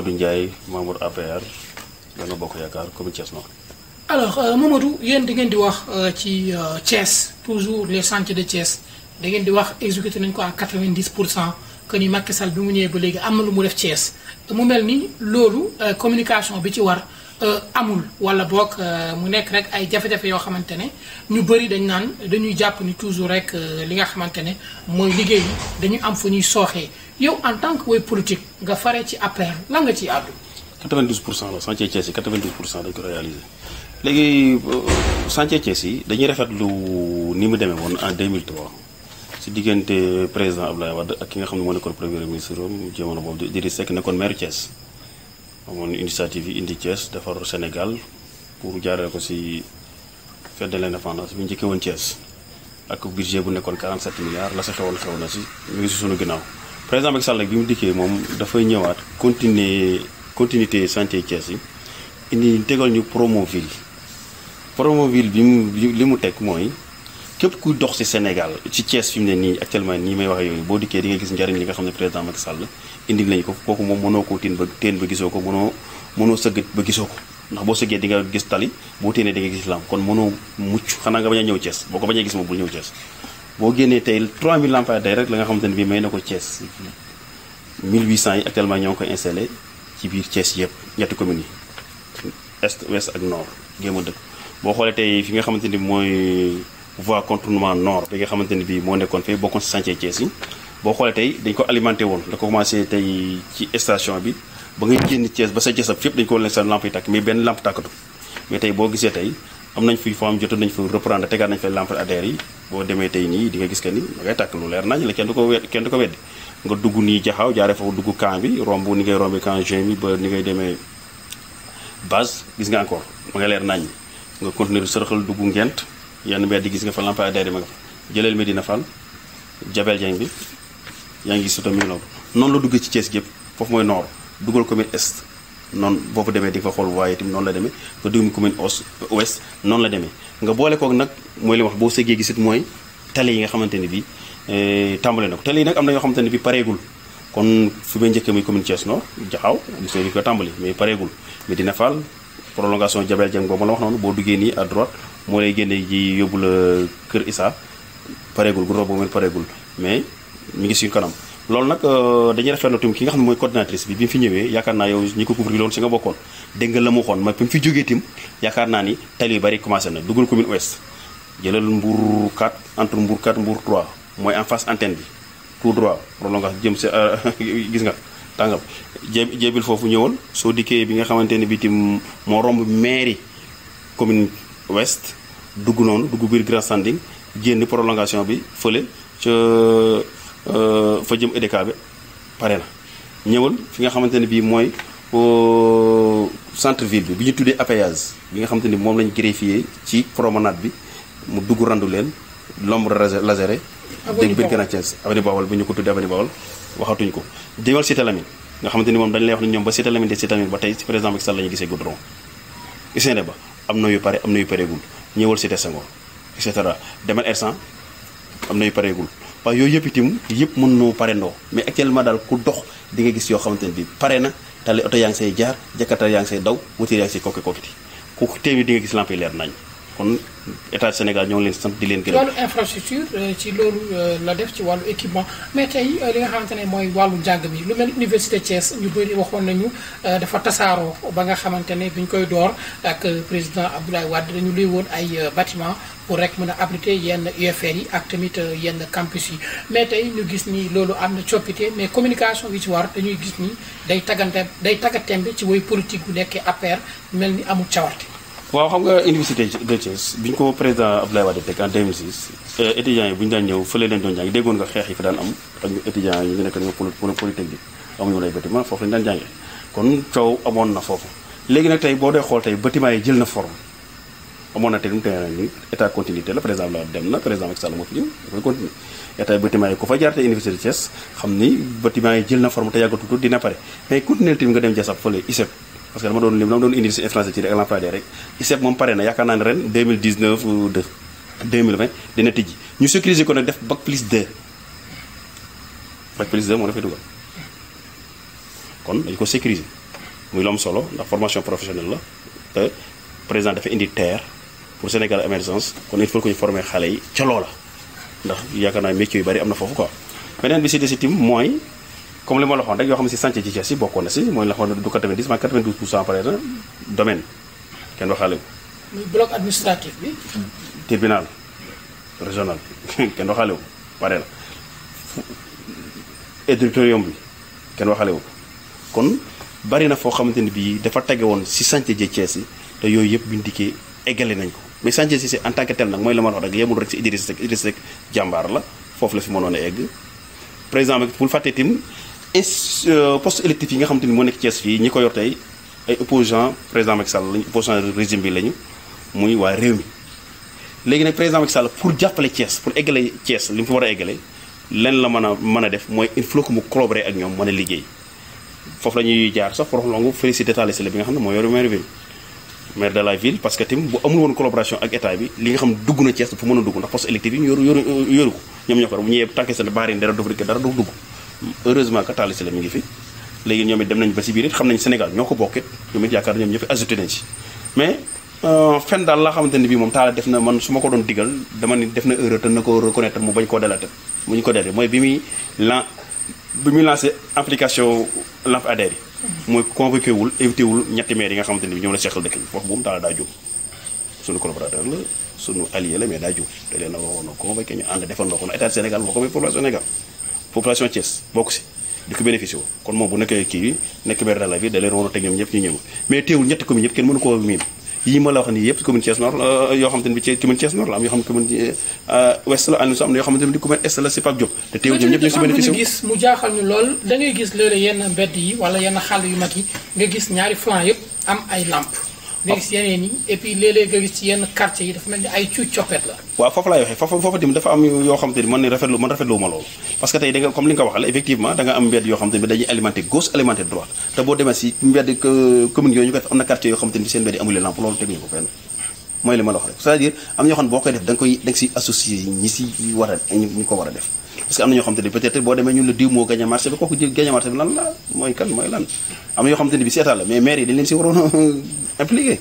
Mamadou Ndiaye membre APR Benno Bokk Yaakaar commune Thiès Nord. alors euh, Mamadou yéen da ngeen di wax euh, ci euh, Thiès toujours les chantiers de Thiès da ngeen di wax exécuté nañ ko à 90 pour cent que ni Macky Sall bi mu ñëwee ba léegi am na lu mu def Thiès mu mel ni loolu communication bi ci war amul wala boog mu nekk rek ay jafe-jafe yoo xamante ne ñu bëri dañ naan dañuy jàpp ni toujours rek li nga xamante ne mooy liggéey dañu am fu ñuy sooxee. yow en tant que way politique nga fare ci APR lan nga ciy àddu. 92 pour cent la chantier Thiès yi 92 pour cent dañ ko réalisé léegi chantier euh, yi dañuy rafetlu ni mu demee woon en 2003 si diggante président Abdoulaye Wade ak ki nga xam ne moo nekkoon premier ministre am jamono boobu Idriss Seck nekkoon maire Thiès amoon indi Thiès defar Sénégal pour jaaree ko si fête de l' indépendance bi njëkkee woon Thiès ak budget bu nekkoon 47 milliards la sa xewoon xew na si mu ngi si sunu ginnaaw. président Macky Sall bi mu dikkee moom dafay ñëwaat continuer continuité chantier Thiès yi indi tegal ñu Promoville Promoville bi mu li mu teg mooy képp kuy dox ci Sénégal ci Thiès fi mu ne nii actuellement nii may waxee yooyu boo dikkee di nga gis njariñ li nga xam ne président Macky Sall indi lañu ko kooku moom mënoo koo teen ba teen ba gisoo ko mënoo mënoo sëgg ba gisoo ko ndax boo sëggee di nga gis tali boo téenee di nga gis lam kon mënoo mucc xanaa nga bañ a ñëw Thiès boo ko bañee gis moom bul ñëw Thiès boo génnee tey 3000 lampadaires rek la nga xamante ne bii may na ko Thiès 1800 yi actuellement ñoo ngi koy installé ci biir cees yëpp ñetti communes yi est ouest ak nord géem a dëkk boo xoolee tey fi nga xamante ni mooy voie contournement nord bi nga xamante ne bii moo nekkoon fee bokkoon si chantier Thiès yi boo xoolee tey dañ ko alimenté woon da ko commencé tey ci station bi ba ngay génn Thiès ba sa Thiès ab fépp dañu ko leen sa lampe yi tàkk mais benn lampe tàkkatu mais tey boo gisee tey am nañ fi foo am jotoon nañ fa reprendre tegaat nañ fa lampe adhère yi boo demee tey nii di nga gis que ni da ngay takk lu leer nañ la kenn du ko wedd kenn du ko weddi nga dugg nii jaxaw jaaree foofu dugg camp bi romb ni ngay rombee camp bi ba ni ngay demee base gis nga encore ma nga leer nañ nga continuer sërxal duggu ngent yenn mbedd di gis nga fa lampadaire yi ma nga fa jëleel Medina Fall Jabel Dieng bi yaa ngi gis su tamit noonu la duggee ci Thiès gépp foofu mooy nord dugal commune est noonu boo fa demee di nga fa xool waaye itam noonu la demee nga dugg commune noonu la demee nga boole kook nag mooy la wax boo sëggee gisit mooy tali yi nga xamante ne bi eh, tàmbale na ko tali yi nag am na yoo xamante ne bi pareegul kon fi ma njëkk muy commune Thiès Nord jaxaaw gis nañu ko tàmbali mais pareegul mais dina faal prolongation Jabel Jeng boobu la wax noonu boo duggee nii à droite moo lay génne ji yóbbu la Kër Issa pareegul groupe boobu pareegul mais mu ngi suñu kanam lool nag euh, dañuy rafetlu tamit ki nga xam ne mooy coordinatrice bi bi mu fi ñëwee yaakaar naa yow ñi ko couvrir loon si nga bokkoon dégg nga la mu waxoon ma bi mu fi jógee tim yaakaar naa ni tali yu bari commencé na dugal commune jëlal Mbour 4 entre Mbour 4 Mbour 3 mooy en face antenne bi tout droit prolongation jëm si euh, gis nga tàngam jé foofu ñëwal soo dikkee bi nga xamante ne bi tim moo romb mairie commune ouest noonu dugg biir Grand Standing génn prolongation bi fële Euh, fa jëm EDK bi pare la ñëwal fi nga xamante ne bii mooy centre ville bi bu ñu tuddee apayage bi nga xamante ni moom lañ greffier ci promenade bi mu dugg randu leen l'ombre lazare dégg biir gën a Thiès avenue Bawol ñu ko tuddee avenue Bawol waxatuñ ko demal Cité Lamine nga xamante ni moom dañ lay wax ne ñoom ba Cité Lamine de Cité Lamine ba tey si président Macky Sall la gisee goudron isinde ba am na yu pare am na yu pareegul ñëwal Cité Senghor et cetera demal Ersan am na yu parce que yooyu yëpp itam yëpp mën noo pare ndoo mais actuellement daal ku dox di nga gis yoo xamante ne bii pare na tali oto yaa ngi say jaar jakarta yaa ngi say daw wutir yaa ngi say kokki kokkiti ku téemi di gis lamp yi leer nañ kon état Sénégal ñoo ngi leen sant di leen gërëm. wàllu infrastructure euh, ci loolu euh, la def ci wàllu équipement mais tey euh, li nga xamante mooy wàllu njàng mi lu mel université Thiès ñu bëri waxoon nañu dafa tasaaroo ba nga xamante ne bi ñu koy door ak président Abdoulaye Wade dañu luy woon ay bâtiment pour rek mën a abriter yenn UFR yi ak tamit yenn campus yi mais tey ñu gis nii loolu am na coppite mais communication bi ci war dañuy gis ni day tagante day taggatembe ci woy politique bu nekkee APR mel ni amul cawarte. waaw xam nga université de Thiès bi ñu ko président Abdoulaye Wade teg en 2006 euh, étudiants yi bu ñu daan ñëw fële leen doon jàng déggoon nga xeex yi fi daan am ak étudiants yi ñu nekk ñoom pôle na foofu léegi nag tey boo dee xool tey bâtiment yi jël na na tey nu mu teenee ni état continuité la président Abdoulaye Wade dem na président Macky Sall moo fi ñëw dafay continuer état bâtiment fa jaar université de xam ni bâtiment yi jël na forme te yàggatutul dina pare mais continuer tamit nga dem jasab fële ISEP parce que dama doon lim dama doon indil si infrastructure ak l'emploi des rek ICEP moom pare na yaakaar naa ne ren 2019 ou 2020 dina tijji ñu sécuriser ko nag def bac plus 2 bac plus 2 moo dafay dugal kon dañu ko sécuriser muy lom solo ndax formation professionnelle la te président dafa indi terre pour Sénégal émergence kon il faut que ñu former xale yi ca loola ndax yaakaar naa métier yu bari am na foofu quoi beneen bi si desitim mooy comme li ma la rek yoo xam ne si sànce ci Thiès yi bokkoon na si mooy la du 90 ma 92 pour cent pare na domaine kenn waxaale ko. bi. tribunal régional kenn waxaale ko pare na éditorium bi kenn waxaale ko kon bari na foo xamante ni bii dafa tege woon si sànce ji Thiès yi te yooyu yëpp biñ dikkee eggale nañ ko mais sànce si en tant nag mooy la ma la wax rek yemul rek si Idriss Seck Idriss jàmbaar la foofu la fi mënoon a egg président bi bul fàtte Euh, poste électif yi nga xam te ni moo nekk Thiès fii ñi ko yor tey ay opposant président Macky Sall lañu opposant régime bi lañu muy waa réew mi léegi nag président Macky Sall pour jàppale Thiès pour eggale Thiès li mu fi war a eggale leen la mën a mën a def mooy il faut mu collaborer ak ñoom mën a liggéey foofu la jaar sax forox longu félicité Talla bi nga xam ne moo yor maire ville maire de la ville parce que tamit bu amul woon collaboration heureusement que Talla Sylla mi ngi fi léegi ñoom it dem nañ ba si biir it xam nañ Sénégal ñoo ko bokkit ñoom it yaakaar ñoom ñëpp ajouté nañ si mais euh, daal laa xamante ne bii moom Talla def na man su ma ko doon digal dama def na erreur te na ko reconnaître mu bañ koo ko delee mooy bi muy lan bi muy lancé application lampadaire yi mooy convoqué wul invité wul ñetti maire yi nga xamante ne bi ñoom la seqal dëkk bi wax daa jóg suñu collaborateur la suñu allié la mais daa jóg te leen na waxoon na ñu ànd defal na ko état Sénégal moo ko may pour Sénégal population Thiès bokk si di ko bénéficié wu kon moom bu nekkee kii bi nekk benn la bi da leen woon a teg ñoom ñëpp ñu ñëw mais teewul ñetti commune yëpp kenn mënu koo miin yii ma la wax nii yëpp euh, commune Thiès Nord la am yoo xam ne commune euh, ouest la am na yoo xamante ne bi commune est la si Pape Diop te teewul ñoom ñëpp si bénéficié wu mu jaaxal ñu lool da gis léeg yenn mbedd yi wala yenn xàll yu mag yi nga gis ñaari flanc yëpp am ay lampe nga gis yeneen yi et puis léeg-léeg nga gis yenn quartier yi dafa mel ni ay cuuc coppet la waaw foofu laay waxee foofu foofu tamit dafa am yoo xam te ni man rafetlu man rafetlu ma loolu parce que tey da nga comme li ko waxal effectivement ni dañuy alimenté gauche alimenté te boo demee si mbedd euh, commune yooyu ñu koy def am na quartier yoo xam te ni seen mbedd yi amul lamp loolu teg ñu ko fenn mooy li ma la rek c'est-à-dire am na xam boo koy def da koy da nga associé ñi si war ñu ko war a def parce que am na ñoo xamante ni peut-être boo demee ñun la diw moo gagné marché bi kooku gagné marché bi lan la mooy kan mooy lan am na yoo xamante ni bi si état la mais maire yi dañ leen si waroon impliqué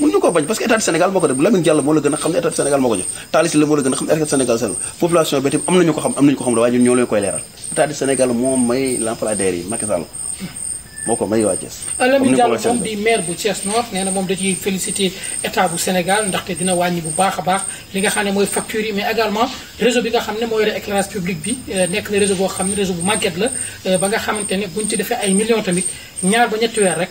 mën ñu ko bañ parce que état du Sénégal moo ko def Lamine Diallo moo la gën a xam ne état du Sénégal moo ko jox Talla Sylla moo la gën a xam ne état du Sénégal seen population bi tam am nañu ko xam am nañu ko xam la waaye ñun ñoo leen koy leeral état du Sénégal moom may l'employeur yi Macky Sall moo ko may waa Thiès. Lamine Diallo moom di maire bu Thiès Nord nee moom da ciy félicité état bu Sénégal ndaxte dina wàññi bu baax a baax li nga xam ne mooy factures yi mais également réseau bi nga xam ne mooy yore éclairage public bi euh, nekk na réseau boo xam ne réseau bu màgget la euh, ba nga xamante ne buñ ci defee ay millions tamit ñaar ba ñetti weer rek.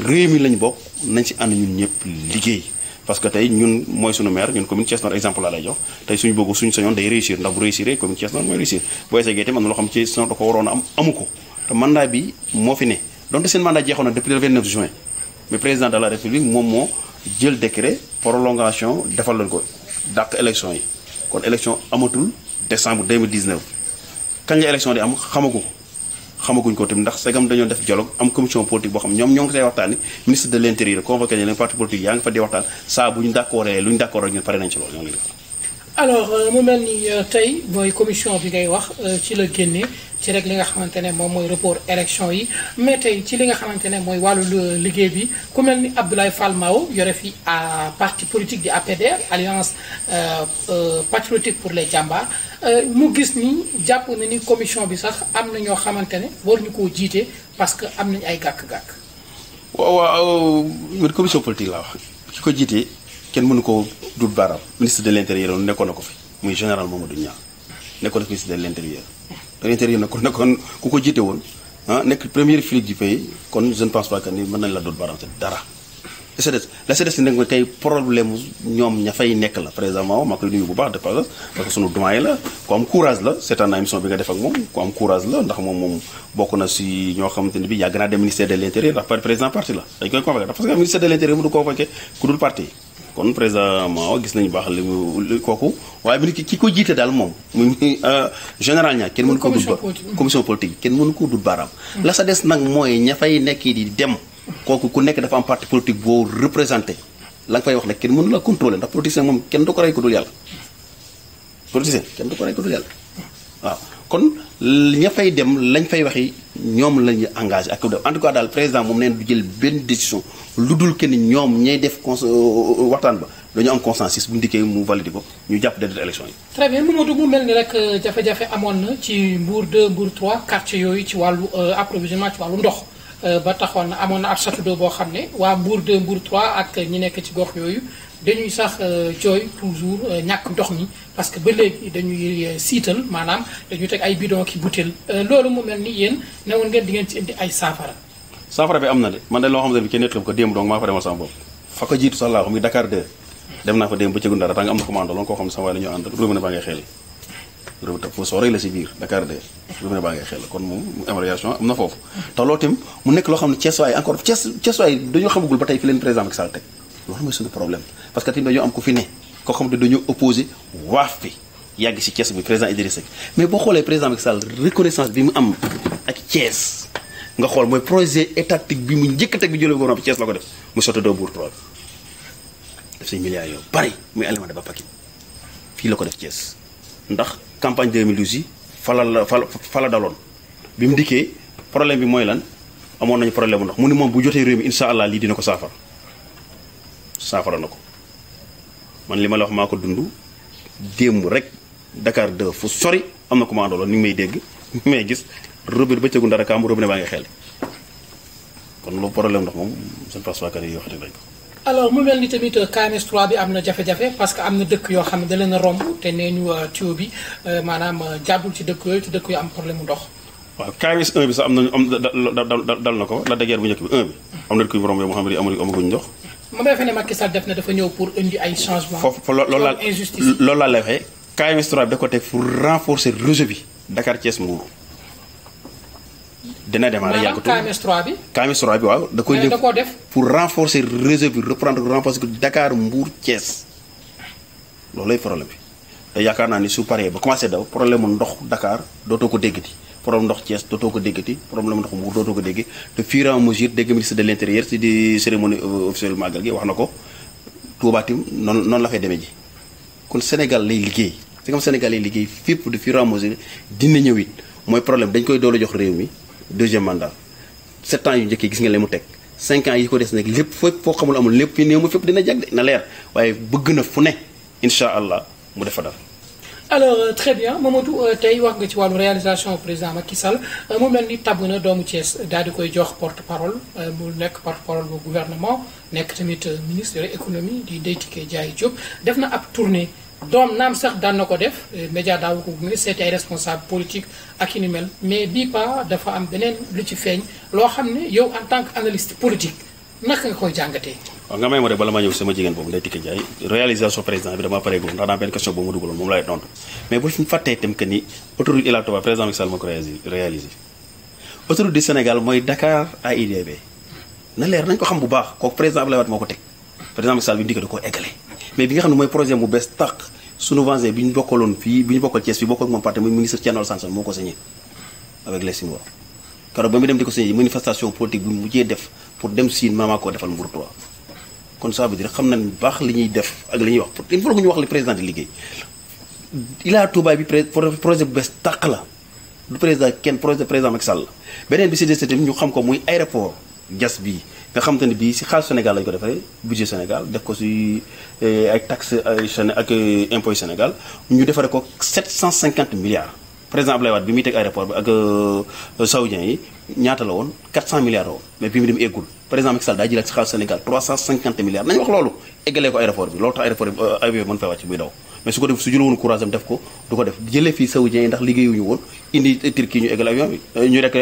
réew mi lañ bokk nañ si ànd ñun ñëpp liggéey parce que tey ñun mooy suñu maire ñun commune Thiès Nord exemple laa lay jox tey suñu bëgg suñu sañoon day réussir ndax bu réussir commune Thiès Nord mooy réussir boo eseegee tam am na loo xam ci Thiès ko waroon a am amu te mandat bi moo fi ne donte seen mandat jeexoon na depuis le 29 juin mais président de la république moom moo jël décret prolongation defal leen ko dàq élection yi kon élection amatul décembre 2019 kañ la élection di am xamagu ko xamaguñ ko tamit ndax segam dañoo def dialogue am commission politique boo xam ñoom ñoo ngi koy waxtaani ministre de l' intérieur convoqué ne leen parti politique euh, ni euh, tey mooy commission bi ngay wax euh, ci la génne ci rek li nga xamante ne moom mooy report élection yi mais tey ci li nga xamante ne mooy wàllu liggéey bi ku mel ni Abdoulaye Fall Mao yore fi à parti politique di APDR alliance patriotique pour les jàmbaar Euh, mu gis ni jàpp na ni commission bi sax am na ñoo xamante ne waruñu koo jiite parce que am nañu ay gàkk-gàkk. waaw waaw euh, man commission politique laa wax ki ko jiite kenn mënu ko dut baaraam ministre de l' intérieur nekkoon na ko fi muy général Mamadou Niang nekkoon na ministre de l' intérieur. de l' intérieur kon ku ko jiite woon ah nekk premier flic du pays kon je ne pense pas ni mën nañ la dut baaraam te dara. CDS la CDS nag ma tey problème ñoom ña fay nekk la présentement maa koy nuyu bu baax de parce que sunu doyen la ku am courage la seetaan naa émission bi nga def ak moom ndax moom moom bokk na si ñoo xamante ne bi yàgg naa dem ministère de l' intérieur ndax président parti la dañ ministère de l' mu du convoqué ku dul parti kon président Mao gis nañu baax li kooku waaye bi ki ko jiite daal moom muy euh, général ñaa kenn mënu ko dut kenn mënu ko dut baaraam la sa des nag mooy ña fay nekk di dem kooku ku nekk dafa am parti politique boo représenté la nga fay wax nag kenn mënu la contrôler ndax politicien moom kenn du ko rey ko dul yàlla politicien kenn du ko rey ko dul yàlla waaw kon ña fay dem lañ fay waxi ñoom lañu engagé ak en tout cas daal président moom neen du jël benn décision lu dul kenn ñoom ñay def con euh, euh, waxtaan ba dañu am consensus bu ndikkee mu validé ko ñu jàpp déedéet élection yi. très bien Mamadou mu mel ni rek euh, jafe-jafe amoon na ci Mbour de Mbour 3 quartier yooyu ci wàllu approvisionnement ci wàllu ndox. Euh, ba taxoon na amoon na ab château boo xam ne waa Mbour 2 Mbour 3 ak ñi nekk ci gox yooyu dañuy sax euh, jooy toujours euh, ñàkk ndox mi parce que ba léegi dañuy siital maanaam dañuy teg ay bidon ki butéel loolu mu mel ni yéen newoon ngeen di ci indi ay saafara. saafara bi am na de man de loo xam ne bi bopp fa ko jiitu sax muy Dakar 2 dem naa fa démb bëccëgu ndara tàng am na commando loolu koo xam ne sama waay la ñu ànd ruume na baa ngay réew ta foo sooray la si biir Dakar de robinet baa ngay xel kon mu nekk loo xam ne Thiès waay encore Thiès Thiès dañoo xamagul ba tey fi leen président Macky Sall teg loolu mooy suñu problème parce que tamit dañoo am ku fi ne koo xam dañoo opposé waaf bi yàgg si Thiès bi président Idrissa Seck mais boo xoolee président Macky Sall reconnaissance bi mu am ak Thiès nga xool mooy projet étatique bi mu njëkk a teg bi jëlee gouvernement bi Thiès la ko def mu sotti doo buur trois def say milliards campagne 2012 yi falal la fala daloon bi mu dikkee problème bi mooy lan amoon nañu problème mu ndox mu ni moom bu jotee réew mi insha allah lii dina ko saafara saafara na ko man li ma la wax dund démb rek Dakar 2 fu am na commando la ni ngi may dégg may gis robine ba cëgu ndara kaam robine baa ngi xel kon loolu problème ndox moom seen passe kan yi waxati nañ alors mu mel ni tamit euh, KMS 3 bi am na jafe-jafe parce que am na dëkk yoo xam ne da na a romb te nee ñu euh, tuyau bi euh, maanaam jàppul ci dëkk yooyu ci dëkk yu am problème ndox. waaw KMS 1 bi am nañu am na ko la dajeer bu njëkk bi 1 bi. am na dëkk yu mu romb yoo xam ne amuñu amaguñu ndox. ma may ne Macky Sall def na dafa ñëw pour indi ay changements. foofu loolu laa loolu laa lay waxee KMS 3 bi da ko teg pour renforcer réseau bi Dakar Thiès Mbour. dina démarrer yàggatul maanaam KMS 3 bi. KMS 3 bi waaw da koy def pour renforcer réseau bi reprendre renforcer ko Dakar Mbour Thiès loolu lay problème yaakaar naa ni su paree ba commencé daw problème mu ndox Dakar dootoo ko déggati problème ndox Thiès dootoo ko déggati problème ndox Mbour dootoo ko dégg te fur et à mesure dégg ministre de l' intérieur ci di cérémonie euh, officielle màggal gi wax na ko Touba Tim noonu la fay demee ji kon Sénégal lay liggéey. si comme Sénégal lay liggéey fépp de dina ñëw it mooy problème dañ koy doolu jox réew mi. deuxième mandat sept ans njëkk njëkkee gis nga leen mu teg cinq ans yi ko des nag lépp fépp foo xamul amul lépp fi néew ma fépp dina jag de na leer waaye bëgg na fu ne incha allah mu defa dal alors euh, très bien Mamadou euh, tey wax nga ci wàllu réalisation président Macky Sall euh, mu mel ni tabb na doomu Thiès daal di koy jox porte parole mu nekk porte parole bu gouvernement nekk tamit ministre de l'économie di Ndeye Tické Ndiaye Diop def na ab tournée doom naam sax daan na ko def média daaw ko gunge seeti ay responsable politique ak yu ni mel mais bii pas dafa am beneen lu ci feeñ loo xam ne yow en tant que analyste politique naka nga koy jàngatee. waaw nga may ma rek bala maa ñëw sama jigéen boobu Ndeye Tické Ndiaye réalisation président bi dama pareegul ndax daa benn question boo ma dugaloon moom laay tontu mais bu ñu fàttee itam que ni autoroute Ila Touba président Macky Sall Sénégal mooy Dakar AIBD na leer nañ ko xam bu baax kooku président Abdoulaye Wade moo ko teg président Macky Sall mais bi nga xam ne mooy projet mu bees tàq sunu vengé bi ñu bokkaloon fii bi ñu bokkal Thiès fii bokkal moom parti muy ministre Thierno Alassane Sall moo ko signé avec les Sinois keroog ba mu dem di ko signé manifestation politique bi mu mujjee def pour dem siin maamaa koo defal Mbour 3 kon ça veut dire xam nañ baax li ñuy def ak li ñuy wax pour faut que ñu wax li président di liggéey Ila Touba bi projet bu bees tàq la du président kenn projet président Macky Sall la bi si des ñu xam ko muy aéroport jas bii nga xam te ne bii si xaalis Sénégal lañ ko defee budget Sénégal def ko si eh, ay taxes ak eh, impôts Sénégal ñu defaree ko 750 milliards par exemple Abdoulaye Wade bi muy teg aéroport bi ak eh, mu dem eggul par exemple Macky Sall daa jëlaat si xaalis Sénégal 350 milliards nañu wax loolu eggalee ko aéroport bi loolu mën fay wàcc muy daw mais su ko def su jël woon courage am ko du ko jëlee fii saoudiens yi ndax liggéeyuñu woon indi Turquie ñu eggal avion bi euh, ñu rek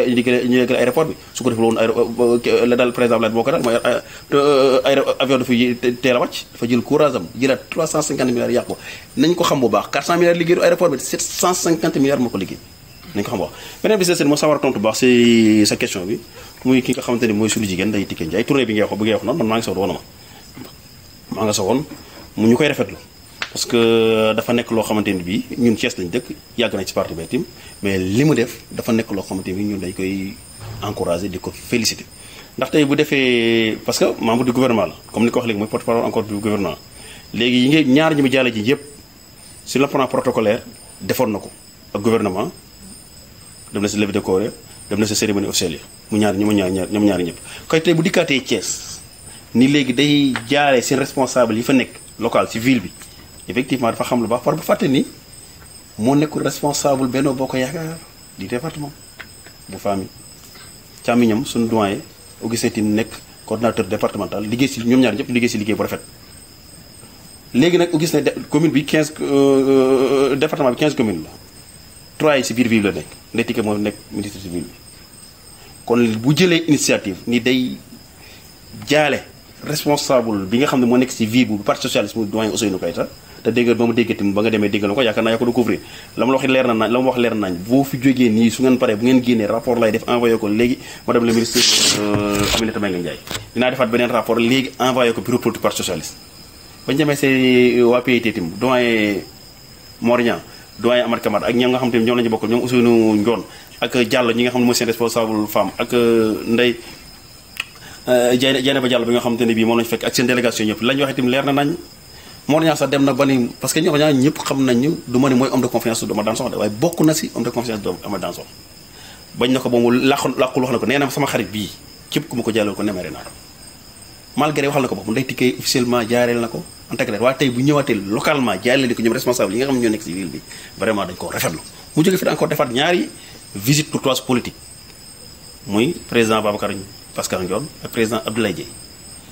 ñu eggal bi su ko def loolu aéro euh, la daal par exemple leen moo ko daal mooy euh, aéro avion nañ ko xam bu baax 400 milliards liggéeyu mooy sunu jigéen day Tické man maa nga sa woon mu ñu koy rafetlu parce que dafa nekk loo xamante ni bii ñun cees lañ dëkk yàgg nañ ci parti bi tim mais li mu def dafa nekk loo xamante ni ñun dañ koy encourager di ko féliciter. ndax tey bu defee parce que membre di gouvernement la comme ni ko wax léegi mooy porte-parole encore du léegi yi nga ñaar ñu mu jàll ji yëpp sur le plan protocolaire defoon na ko ak gouvernement dem na si levée de corps dem na sa cérémonie officielle mu ñaar ñi mu ñaar ñoom ñaari ñëpp kay tey bu dikkaatee Thiès ni léegi day jaaree seen responsable yi fa nekk local ci ville bi effectivement dafa xam lu baax par bu fàtte ni moo nekkul responsable Benno Bokk Yaakaar di département bu Fahmi càmmiñam suñu doyen Augustin Tine nekk coordonnateur départemental liggéey si ñoom ñaar ñëpp liggéey si liggéey bu rafet léegi nag Augustin commune bi 15 euh, euh, département bi quinze communes la trois yi si biir ville la nekk Ndeye moo nekk ministre si ville bi kon bu jëlee initiative ni day jaale responsable bi nga xam ne moo nekk si ville bu parti s mu te dégg ba mu déggatim ba nga demee dégg na ko yaakaar naa yaa ko découvrir la ma wax leer na nañ boo fi jógee nii su ngeen paree bu ngeen génnee rapport lay def envoyé ko léegi madame euh, ko bureau politique parti socialiste bañu demee see euh, waa PIT tim doyen Morña doyen Amad Kamara ak ñoo nga xam te ñoom la ñu bokkal ñoom Ousseynou Ndion ak euh, Diallo ñi nga xam ne mooy seen responsable femme ak Ndeye Dieynaba Diallo bi nga xam te ne moom lañu fekk ak seen délégation ñëpp la ñu wax leer na nañ Mor Niang sax dem na ba ni parce que ñoom ñaar ñëpp xam nañu du ma ni mooy homme de confiance du ma daan soxla waaye bokk na si ba mu làqu làqul que waaye tey bu ñëwaatee responsable yi nga xam ñoo nekk si ville bi vraiment dañ koo rafetlu mu jóge fi defaat ñaari visite courtoise politique muy président Babacar Pascal ak président Abdoulaye Dièye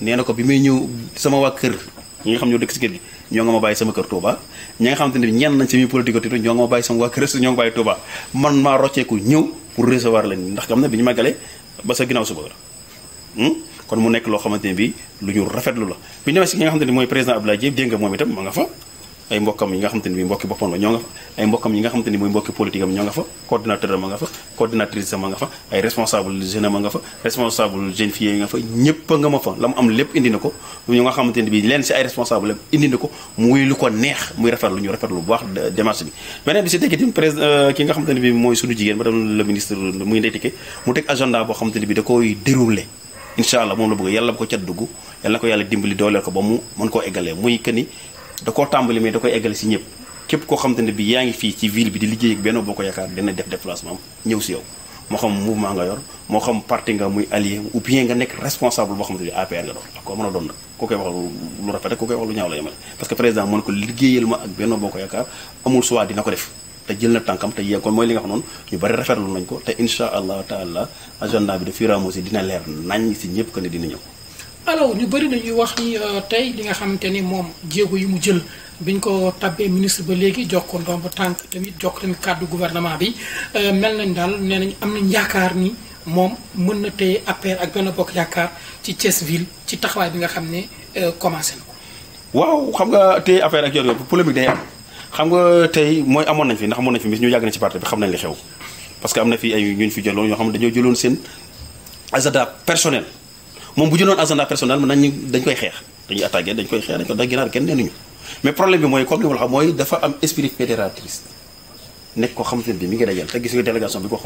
nee na ko bi may ñëw sama waa kër ñu nga xam noo dëkk si kër gi ñoo nga ma bàyyi sama kër Touba ñi nga xamante ne ñenn nañ sami politique tuuti ñoo nga ma bàyyi sama waa kër ñoo nga bàyyi Touba man maa rocceeku ñëw pour recevoir leen ndax xam ne bi ñu màggalee ba sa ginnaaw suba la hmm? kon mu nekk loo xamante ne bi lu ñu rafetlu la bi ñu demee si ñi nga xamante ne mooy président Abdoulaye Dièye dégg nga moom itam ma nga fa ay mbokkam yi nga xamante ni bi mbokki boppam la ñoo nga fa ay mbokkam yi nga xamante ni mooy mbokki politique am ñoo nga fa coordinateur a nga fa coordinatrice am nga fa ay responsable jeune am nga fa responsable jeune fille nga fa ñépp a nga ma fa la mu am lépp indi na ko ñu nga xamante ni bi leen si ay responsable indi na ko muy lu ko neex muy rafetlu ñu rafetlu bu baax démarche bi beneen bi si tekki président euh, ki nga xamante ni bi mooy sunu jigéen madame le ministre muy Ndeye Tické mu teg agenda boo xamante ni bi da koy déroulé incha allah moom la bëgg yàlla bu ko ko yàlla dimbali dooleel ko ba mu mën koo eggalee ni da koo tàmbali mais da koy eggale si ñëpp képp koo xamante ne bi yaa ngi fii ci ville bi di liggéey ak Benno Bokk Yaakaar dina def déplacement ñëw si yow moo xam mouvement nga yor moo xam parti nga muy allié ou bien nga nekk responsable boo xamante ne APR nga doon ak koo a doon nag ku koy wax lu rafet ak ku koy wax lu ñaaw la yemale parce que président mën ko liggéeyal ma ak Benno Bokk Yaakaar amul choix dina ko def te jël na tànkam te yee kon mooy li nga xam noonu ñu ko te incha allah taala dina leer nañ si ñëpp que dina ñëw alors ñu bëri nañuy wax ni euh, tey li nga xamante ni moom jéego yi mu jël biñ ko tabbee ministre ba léegi jox ko ndomb tànk tamit jox ko tamit kàddu gouvernement bi euh, mel nañ daal nee nañ am nañ yaakaar ni moom mën na téye APR ak benn bokk yaakaar ci Thiès ville ci taxawaay bi nga xam ne euh, commencé na ko. waaw nga téye APR ak yor yor polémique am xam nga tey mooy amoon nañ fi ndax amoon nañ fi bis ñu yàgg na ci parti bi xam nañ li xew parce que am na fi ay ñuñ fi jëloon ñoo xam ne dañoo jëloon seen agenda personnel. moom bu jëloon agenda personnel mën nañu dañ koy xeex dañuy attaqué dañ koy xeex dañ ko da ginaar kenn neenuñu mais problème bi mooy comme li ma la mooy dafa am esprit fédératrice nekk ko xamante ne bi mi ngi dajal te gis nga délégation bi ko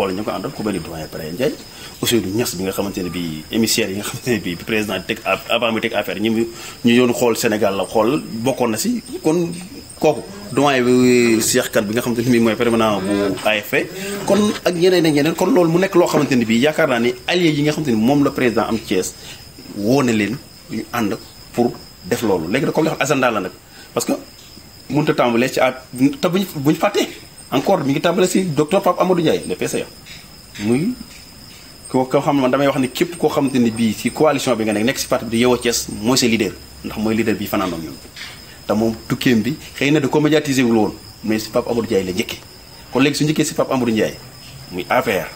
xamante ne bi émissaire yi nga xamante ne bi président teg avant mu teg affaire ñi ñu yoon xool Sénégal la xool bokkoon na si kon kooku doyen bi Cheikh Kane bi nga xamante ne bii mooy permanent bu AFP kon ak ñeneen ak ñeneen kon loolu mu nekk loo xamante ne bii yaakaar naa ni alliés yi nga xamante ni moom la président am cees woo na leen ñu ànd pour def loolu léegi da comme li xam la parce que mënut a tàmbalee ci at te buñ buñ fàttee encore mi ngi tàmbalee si docteur Pape Amadou Ndiaye le muy ko ko xam ne man damay wax ni képp koo xamante ni bii si coalition bi nga nekk nekk si parti bi di Yeewu Thiès mooy sa leader ndax mooy leader bi fanaanoom ñoom te moom tukkeem bi xëy na da ko médiatiser wul woon mais si Pape Amadou Ndiaye la njëkkee kon léegi su njëkkee si Pape Amadou Ndiaye muy APR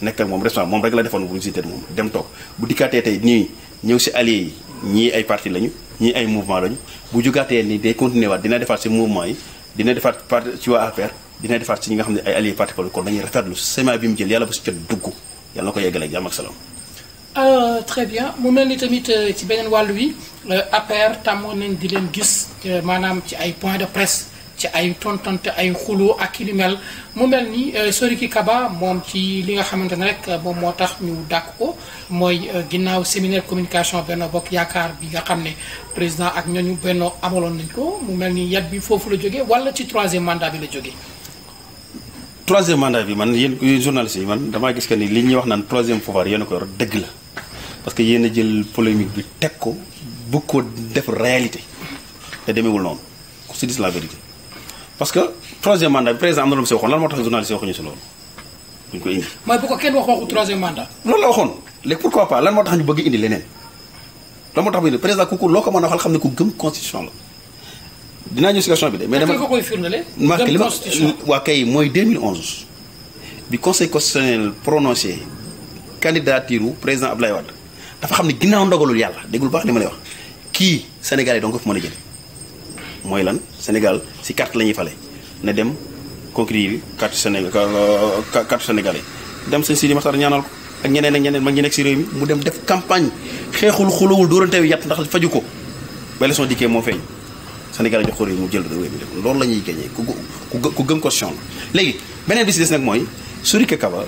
nekk ak moom restaurant moom rek la defoon bu ñu visité moom dem toog bu dikkaatee tey ñëw si alliés yi ñii ay parti lañu ñii ay mouvement lañu bu jugaatee ni day continuer waat dina defaat si mouvement yi dina defaat parti ci waa APR dina defaat si ñi nga xam ne ay alliés parti kon dañuy rafetlu sema bi mu jël yàlla ba si jot dugg yàlla ko yeggaleeg jàmm ak salaam Euh, très bien mu mel ni tamit euh, ci beneen wàll wi euh, APR tàmmoon nañ di leen gis maanaam ci ay point de presse ci ay tontante ay xuloo ak li mu mel ni Soriki Kaba moom ci li nga xamante ne rek moom moo tax ñu dàkk ko mooy ginnaaw séminaire communication Benno Bokk Yaakaar bi nga xam ne président ak ñooñu Benno amaloon nañ ko mu mel ni yat bi foofu la jógee wala ci troisième mandat bi la jógee. troisième mandat bi man yéen journaliste yi man damaa gis que ni li ñuy wax naan troisième pouvoir yéen a ko yor dëgg la. parce que yéen a jël polémique bi teg ko bu ko def réalité te demeewul noonu la vérité parce que troisième mandat bi président am na lu mu si waxoon lan moo tax journaliste waxuñu si loolu duñ ko indi. mooy kenn wax waxu troisième mandat. la waxoon léegi pa lan moo tax ñu bëgg indi leneen lan moo tax ñu ne président kooku loo ko mën a waxal xam ne ku gëm constitution la dinaa ñëw si question bi de. mais dama ko koy firndale. gëm waa kay mooy 2011 bi conseil constitutionnel prononcé candidature président Abdoulaye Wade. dafa xam ne ginnaaw ndogalul yàlla déggul baax li ma lay wax kii Sénégal yi donc ko a jël mooy lan Sénégal si carte la fale na dem conclure carte Sénégal carte euh, euh, sénégalais dem sëñ Sidi Maxtar ñaanal ko ak ñeneen ak ñeneen mag ñi nekk si réew mu dem def campagne xeexul xulawul dóorante wi yàtt ndax faju ko ba leçon dikkee moo feeñ Sénégal jox ko réew mu jël réew loolu la ñuy gagné ku ku gëm question la léegi beneen bi si des nag mooy Sourika Kaba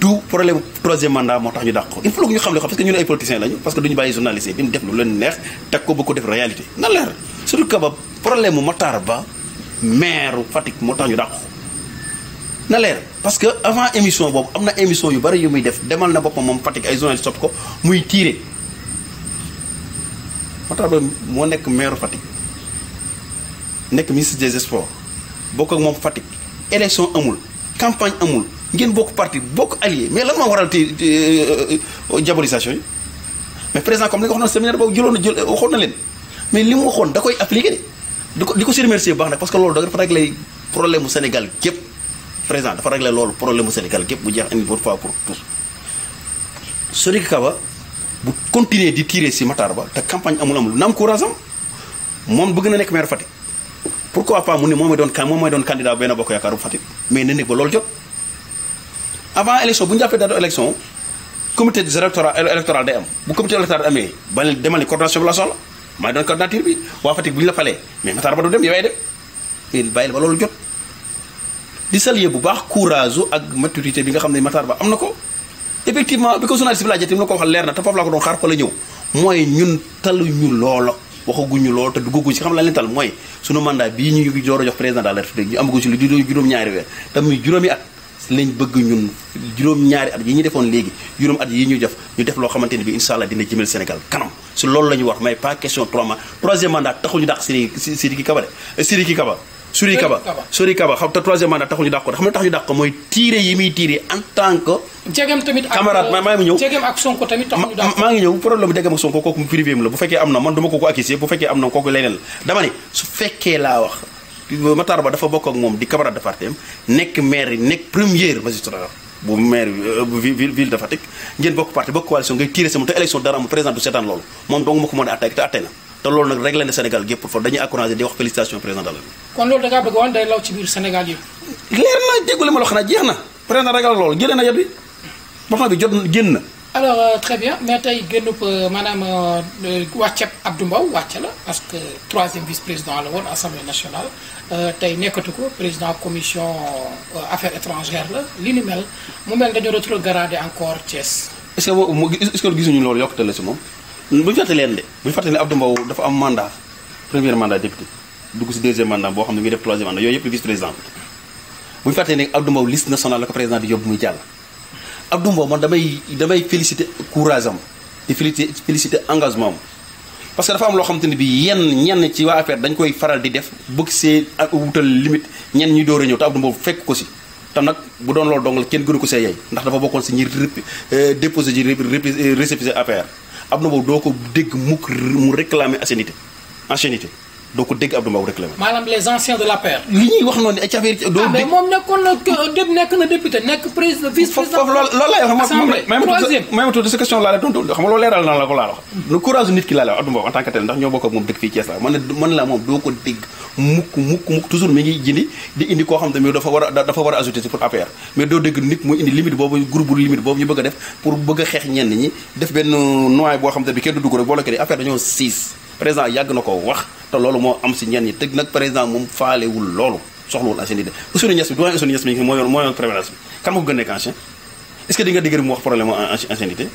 du problème troisième mandat moo tax ñu dàq ko il faut que ñu xam li xam parce que ñun ay politiciens lañu parce que duñu bàyyi journaliste bi mu def lu leen neex teg ko ba ko def réalité na leer surtout que ba problème mu Matar Ba maire Fatick moo tax ñu dàq ko na parce que avant émission boobu am na émission yu bari yu muy def demal na boppam moom Fatick ay journaliste sopp ko muy tiire Matar Ba moo nekk maire Fatick nekk ministre des sports bokk ak moom Fatick élection amul campagne amul ngeen bokk parti bokk allié mais la moo waral tey euh, diabolisation yi mais président comme li nga waxoon séminaire boobu jëloon na jël waxoon na leen mais li mu waxoon da koy appliqué de di ko di ko si remercier bu baax nag parce que loolu dafa réglé problème mu Sénégal gépp président dafa réglé loolu problème mu Sénégal gépp bu jeex une bonne fois pour tous Sodik Kaba bu continuer di tirer si Matar Ba te campagne amul amul na am courage am moom bëgg na nekk maire Fatick pourquoi mais na nekk loolu jot avant élection bu ñu jàppee date élection comité électoral électoral day am bu comité électoral amee ba ne demal ni coordination bi la soxla maa doon coordinateur bi la falee mais Matar Ba du dem yoway dem il bàyyil ba loolu jot di saluer bu baax courage ak bi nga xam ne Matar am na ko effectivement bi ko ko leer na te foofu laa ko doon xaar fa la ñëw mooy ñun taluñu loola waxaguñu mooy sunu mandat bii ñu door a jox président de la juróom-ñaari juróomi at lañ bëgg ñun juróom-ñaari at yi ñu defoon léegi juróom at yi ñu def ñu def loo xamante ne bi incha allah dina jëmal Sénégal kanam si loolu la ñu wax mais pas question trois mois troisième mandat taxul ñu dàq Siri Sidiki Kaba de eh, Sidiki Kaba Suri Kaba Suri Kaba xam ne tax ñu dàq ko mooy tiire yi muy tiire en tant que jegem tamit ak camarade maa ngi ñëw jegem ak Sonko tamit taxul ñu dàq ko maa jegem ak Sonko kooku privé mi la bu fekkee am na man duma ko ko accusé bu fekkee am na kooku leneen la dama ne su fekkee laa wax Matar Ba dafa bokk ak moom di camarade de parti am nekk maire nekk premier bu maire euh, ville ville de Fatick ngeen bokk parti bokk coalition ngay tiré sama te élection dara amul président du seetaan loolu moom donc ma ko mën a attaqué te atte na te loolu nag réglé Sénégal gépp pour dañuy encouragé di wax félicitation président de la kon loolu da ngaa bëgg woon day law ci biir Sénégal yëpp. leer na déggu ma la wax jeex na président alors euh, très bien mais tey génnub maanaam wàcceb Abdou Mbow wàcc la parce que troisième vice président la woon assemblée nationale euh, tey nekkatu ko président commission euh, affaires étrangères la li ni mel mu mel dañu rétrogradé encore Thiès. est ce que est gisuñu loolu yokkute la si moom bu ñu fàttali leen de bu ñu fàttali Abdou Mbow dafa am mandat premier mandat député dugg si deuxième mandat boo xam ne mi ngi def troisième mandat yooyu yëpp vice président bu ne Abdou Mbow liste la ko président di yóbbu muy Abdou Mbow man damay damay féliciter courage am di féliciter engagement am parce que dafa am loo xamante ni bi yenn ñenn ci waa affaire dañ koy faral di def bëgg see wutal limite ñenn ñi door a ñëw te Abdou fekk ko si te nag bu doon loolu dong kenn gënu ko see yey ndax dafa bokkoon si ñi rép euh, déposé ji euh, récépissé APR Abdou Mbow doo ko dégg mukk mu réclamer ancienneté ancienneté doo ko dégg Abdou Mbow réclamé. maanaam les anciens de l'APR. li ñuy wax noonu ay affaire ah, doo. dégg moom nekkoon na euh, nekk nekk président foofu loolu loolu lay wax moom même de ces questions laa la xam loolu leeral na la ko laa wax. courage nit ki laa la wax en tant que ndax ñoo bokk moom dëkk fii Thiès man ne man la moom doo ko dégg mukk mukk mukk toujours mi ngi jindi di indi koo xam ne dafa war a dafa war a si pour APR mais doo a a xeex ñenn ñi def benn noy boo xam ne bi kenn président yàgg na ko wax te loolu moo am si ñenn ñi teg nag président moom faalewul loolu soxlawul ancienneté Ousseynou Niass bi doyen Ousseynou Niass mi moo yor moo yor prévalence bi moo ko gën nekk ancien est que di nga dégg mu wax problème ancienneté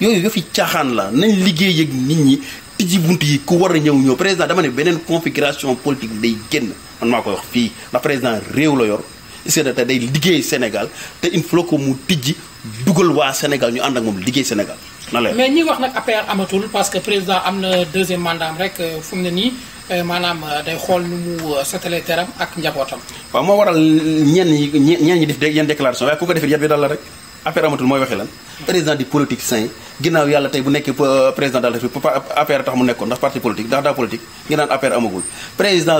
yooyu yëfi caaxaan la nañ liggéey nit ñi tijji bunt yi ku war a ñëw ñëw président dama ne beneen configuration politique day génn man maa koy wax fii ndax président réew la yor est ce te day liggéey Sénégal te il faut ko mu tijji dugal waa Sénégal ñu ànd ak moom liggéey Sénégal na leer mais ñi wax nag APR amatul parce que président am na deuxième mandat am rek euh, fu mu ne euh, euh, xool nu mu setalee teram ak njabootam. waaw moo waral ñenn ñi ñenn ñi def yenn déclaration waaye ku ko defee yat bi dal la rek APR amatul mooy waxee lan. président di politique sain tey bu nekkee président daal def APR tax mu nekkoon ndax parti politique ndax daa politique ngeen naan APR amagul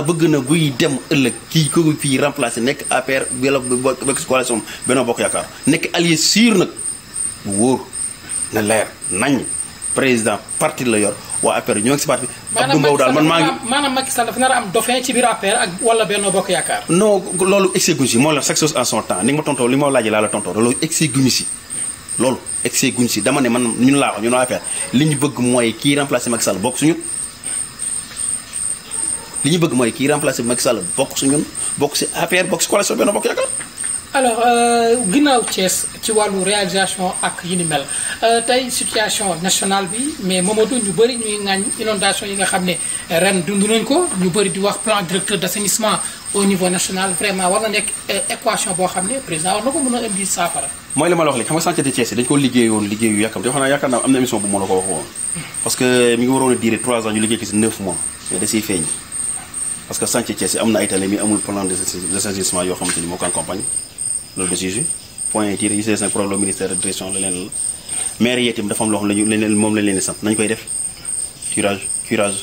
bëgg na buy dem ëllëg kii ko fii remplacé nekk APR bi la coalition Benno Bokk Yaakaar nekk allié sûr nag bu wóor. na leer nañ président parti la yor waa APR ñoo ngi si parti bi. Abdou Mbow daal man maa ngi maanaam Macky Sall dafa nar a am dauphin ci biir APR ak wala Benno Bokk Yaakaar. non loolu exeguñ si moo la chaque chose en son temps ni nga ma tontoo li nga ma laajee laa la tontoo loolu exeguñ si. loolu exeguñ si dama ne man ñun laa wax ñun waa APR li ñu bëgg mooy kii remplacer Macky Sall bokk suñu. li ñu bëgg mooy kii remplacer Macky Sall bokk suñu bokk si APR bokk si coalition Benno Bokk Yaakaar. alors euh, ginnaaw Thiès ci wàllu réalisation ak yi ni mel euh, tey situation nationale bi mais Mamadou ñu bëri ñuy ŋañ inondation yi nga xam ne ren dund nañ ko ñu bëri di wax plan directeur d'assainissement au niveau national vraiment war na nekk euh, équation boo xam ne président war ko mën a indi saafara. mooy li ma la wax léegi xam nga santé de Thiès dañu ko liggéeyoon liggéey yu yàkkam te xanaa naa am na hmm. am na amul plan de d'assainissement yoo xamante ni moo loolu da ciy joué point yi tiir yi seen problème ministère de direction la leen la maire yi itam dafa am loo xam ne moom lañ leen di nañ koy def curage curage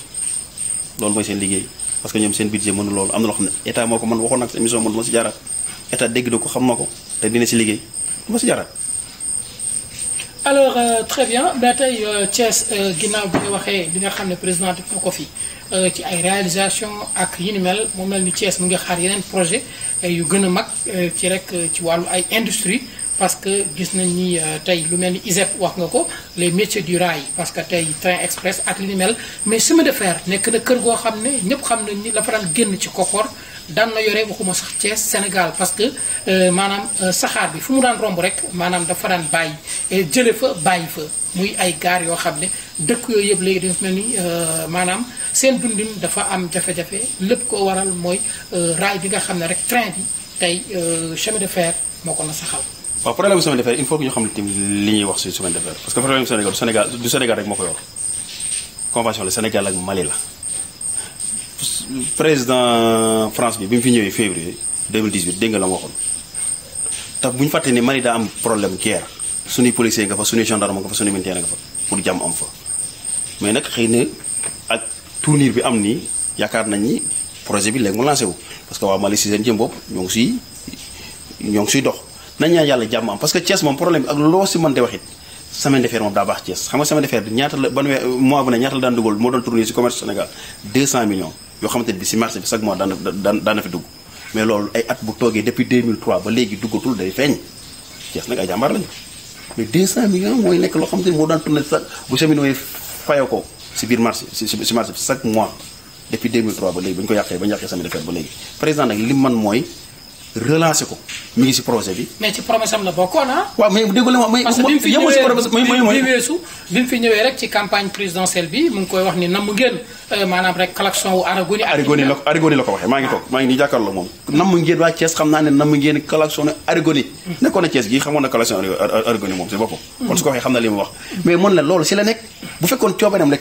loolu mooy seen liggéey parce que ñoom seen budget mënu loolu am na loo xam ne état moo ko mën waxoon nag sa émission man du ma si jaaraat état dégg na ko xam na ko te dina si liggéey du ma si jaaraat alors euh, très bien ba tey euh, Thiès euh, ginnaaw bi nga waxee bi nga xam ne président def ko ko fi euh, ci ay réalisation ak yi ni mel mu mel ni Thiès mu ngi xaar yeneen projet yu gën a mag ci rek ci wàllu ay industrie parce que gis nañ ni tey lu mel ni ISEP wax nga ko les métiers du rail parce que tey train express ak li ni mel mais chemin de fer nekk na kër goo xam ne ñëpp xam nañ ni la fa génn ci koppar. daan na yore waxuma sax Thiès Sénégal parce que euh, maanaam euh, saxaar bi fu mu daan romb rek maanaam dafa daan bàyyi euh, jële fa bàyyi fa muy ay gaar yoo xam ne dëkk yooyu yëpp léegi def na ni maanaam seen dundin dafa am jafe-jafe lépp ko waral mooy raay bi nga xam ne rek train bi tey chemin de fer moo ko na saxal waaw problème bu chemin de fer il faut que ñu xam tamit li ñuy wax si chemin de fer parce que problème Sénégal du Sénégal du Sénégal rek moo ko yor convention la Mali la président France bi bi mu fi ñëwee février 2018 dégg nga la ma waxoon tax bu ñu fàtte ne Mali daa am problème su suñuy policier nga fa suñuy gendarme nga fa suñuy militaire nga fa pour jàmm am fa mais nag xëy na ak tournir bi am nii yaakaar nañ ni projet bi léegi mu lancé wu parce que waa Mali si seen jëm bopp ñoo ngi siy ñoo ngi siy dox nañ ñaan yàlla jàmm am parce que Thiès moom problème bi ak loo si mën de wax it semaine de fer moom daa baax Thiès yoo xamante ne bi si marché bi chaque mois daana daan daana fi dugg mais loolu ay at bu toogee depuis 2003 ba léegi duggatul day feeñ Thiès nag ay jàmbaar lañu mais 200 millions mooy nekk loo xamante ni moo daan tourné sax bu cheminot yi fayoo ko si biir marché si si marché bi chaque mois depuis 2003 ba léegi ba ñu ko yàqee ba ñu yàqee chemin de fer ba léegi président nag li man mooy relancer ko mi ngi si projet bi. mais ci promesse ah. bi mu fi bi mu fi ñëwee rek ci campagne présidentielle bi mu ngi koy wax ni namm ngeen euh, maanaam rek klaxon wu Aragoni. Aragoni la ko waxee maa ngi toog maa ngi nii jàkkaarloo moom. namm ngeen waa Thiès xam naa ne namm ngeen klaxon Aragoni. Hmm. nekkoon na Thiès xamoon na klaxon Aragoni moom si boppam. Hmm. kon su ko waxee xam na li mu wax. mais mën la loolu si la nekk bu fekkoon coobareem la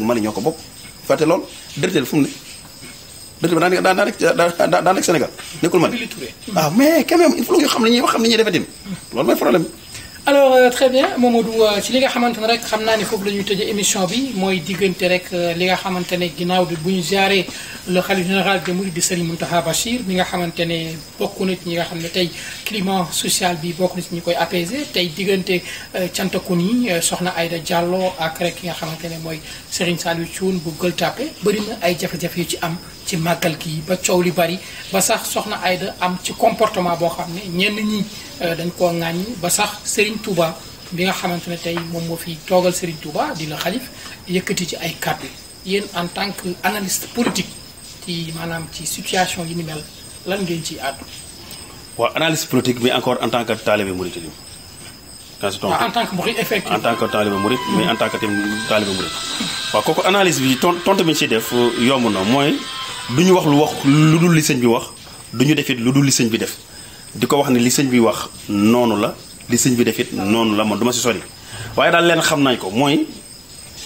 ma la dëkk bi daa nekk daa nekk daa nekk Sénégal nekkul ma waaw ah, mais quand même il faut ñu xam li ñuy wax xam li ñuy defetim loolu mooy problème alors euh, très bien Mamadou euh, ci li nga xamante ne rek xam naa ni foofu la ñuy tëjee émission bi mooy diggante rek euh, li nga xamante ne ginnaaw bi bu ñu jaaree le khalife général des mourides di Serigne Mountakha Bachir mi nga xamante ne bokk na ci ñi nga xam ne tey climat social bi bokk na ci ñu koy apaiser tey diggante cantakun yi soxna Aïda Diallo ak rek ki nga xamante ne mooy Serigne Saliou Thioune bu Gueule Tapée bëri na ay jafe-jafe yu ci am ci màggal gi ba coow li bari ba sax soxna ay da am ci comportement boo xam ne ñenn ñi euh, dañ koo ŋàññi ba sax Serigne Touba bi nga xamante ne tey moom moo fi toogal Serigne Touba di la xalif yëkkati ci ay kàddu yéen en tant que analyste politique ci maanaam ci situation yi ni mel lan ngeen ciy àddu. waaw analyste politique mais encore en tant que taalibe murit yi. Ah, en tant que murit effectivement en tant que taalibe murit mais en tant que taalibe murit waaw analyse bi tontu bi ci def euh, yomb na mooy. du ñu wax lu wax lu dul li bi wax du ñu defit lu dul li bi def di ko wax ne li sëñ bi wax noonu la li sëñ bi defit noonu la man du ma si sori waaye daal leen xam nañ ko mooy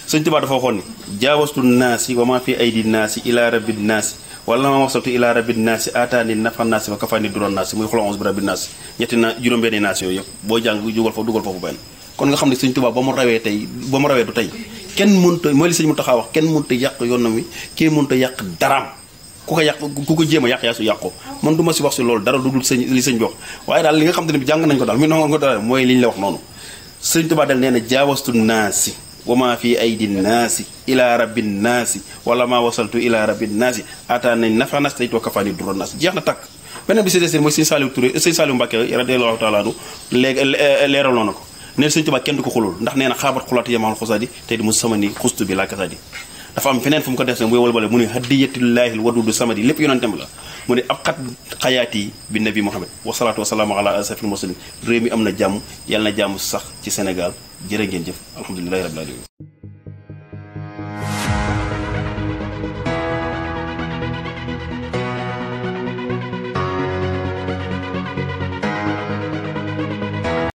sëñ Tuubaa dafa waxoon ni jaawastu naasi wa maa fi aydi naasi ila rabbi naasi wala ma wasaltu ila rabbi naasi aataani nafa naasi wa kafaani duroon naasi muy xolon bi rabbi naasi ñetti na juróom-benni naasi yooyu yëpp boo jàng jugal foofu dugal foofu benn kon nga xam ne sëñ Tuubaa ba mu rawee tey ba mu rawee du tey kenn mënta mooy li sëñ Muntaxa wax kenn mënta yàq yoonam wi kenn mënta yàq daraam ku ko yàq ku ko jéem a yàq yaa su yàqu man du ma si wax si loolu dara lu dul sëñ li sëñ bi wax waaye daal li nga xam ne jàng nañ ko daal mooy li la wax noonu sëñ Tuubaa dal nee na jaawastu naasi wa maa fi aydi naasi ila rabbi naasi wala maa wasaltu ila rabbi naasi ataa nañ nafa naas tayit wa kafaani dura naas jeex na takk beneen bi si des mooy sëñ Saliou Touré sëñ Saliou Mbacké radiyallahu taala anhu léegi leeraloon na ko nee na sëñ Tuubaa kenn du ko xulul ndax na xaabat xulaat yamaal xusaadi tey di mu sama ni xustu dafa am feneen fu mu ko def ne muy walbale mu ne hadiyatullahil wadudu samadi lépp yonentam la mu ne ab xat xayaati bi nabi Muhammad wasalaatu wasalaamu ala asafil mursalin réew mi am na jàmm yàlla na jàmm sax ci Sénégal jërë ngeen jëf alhamdulilahi rabbil alamin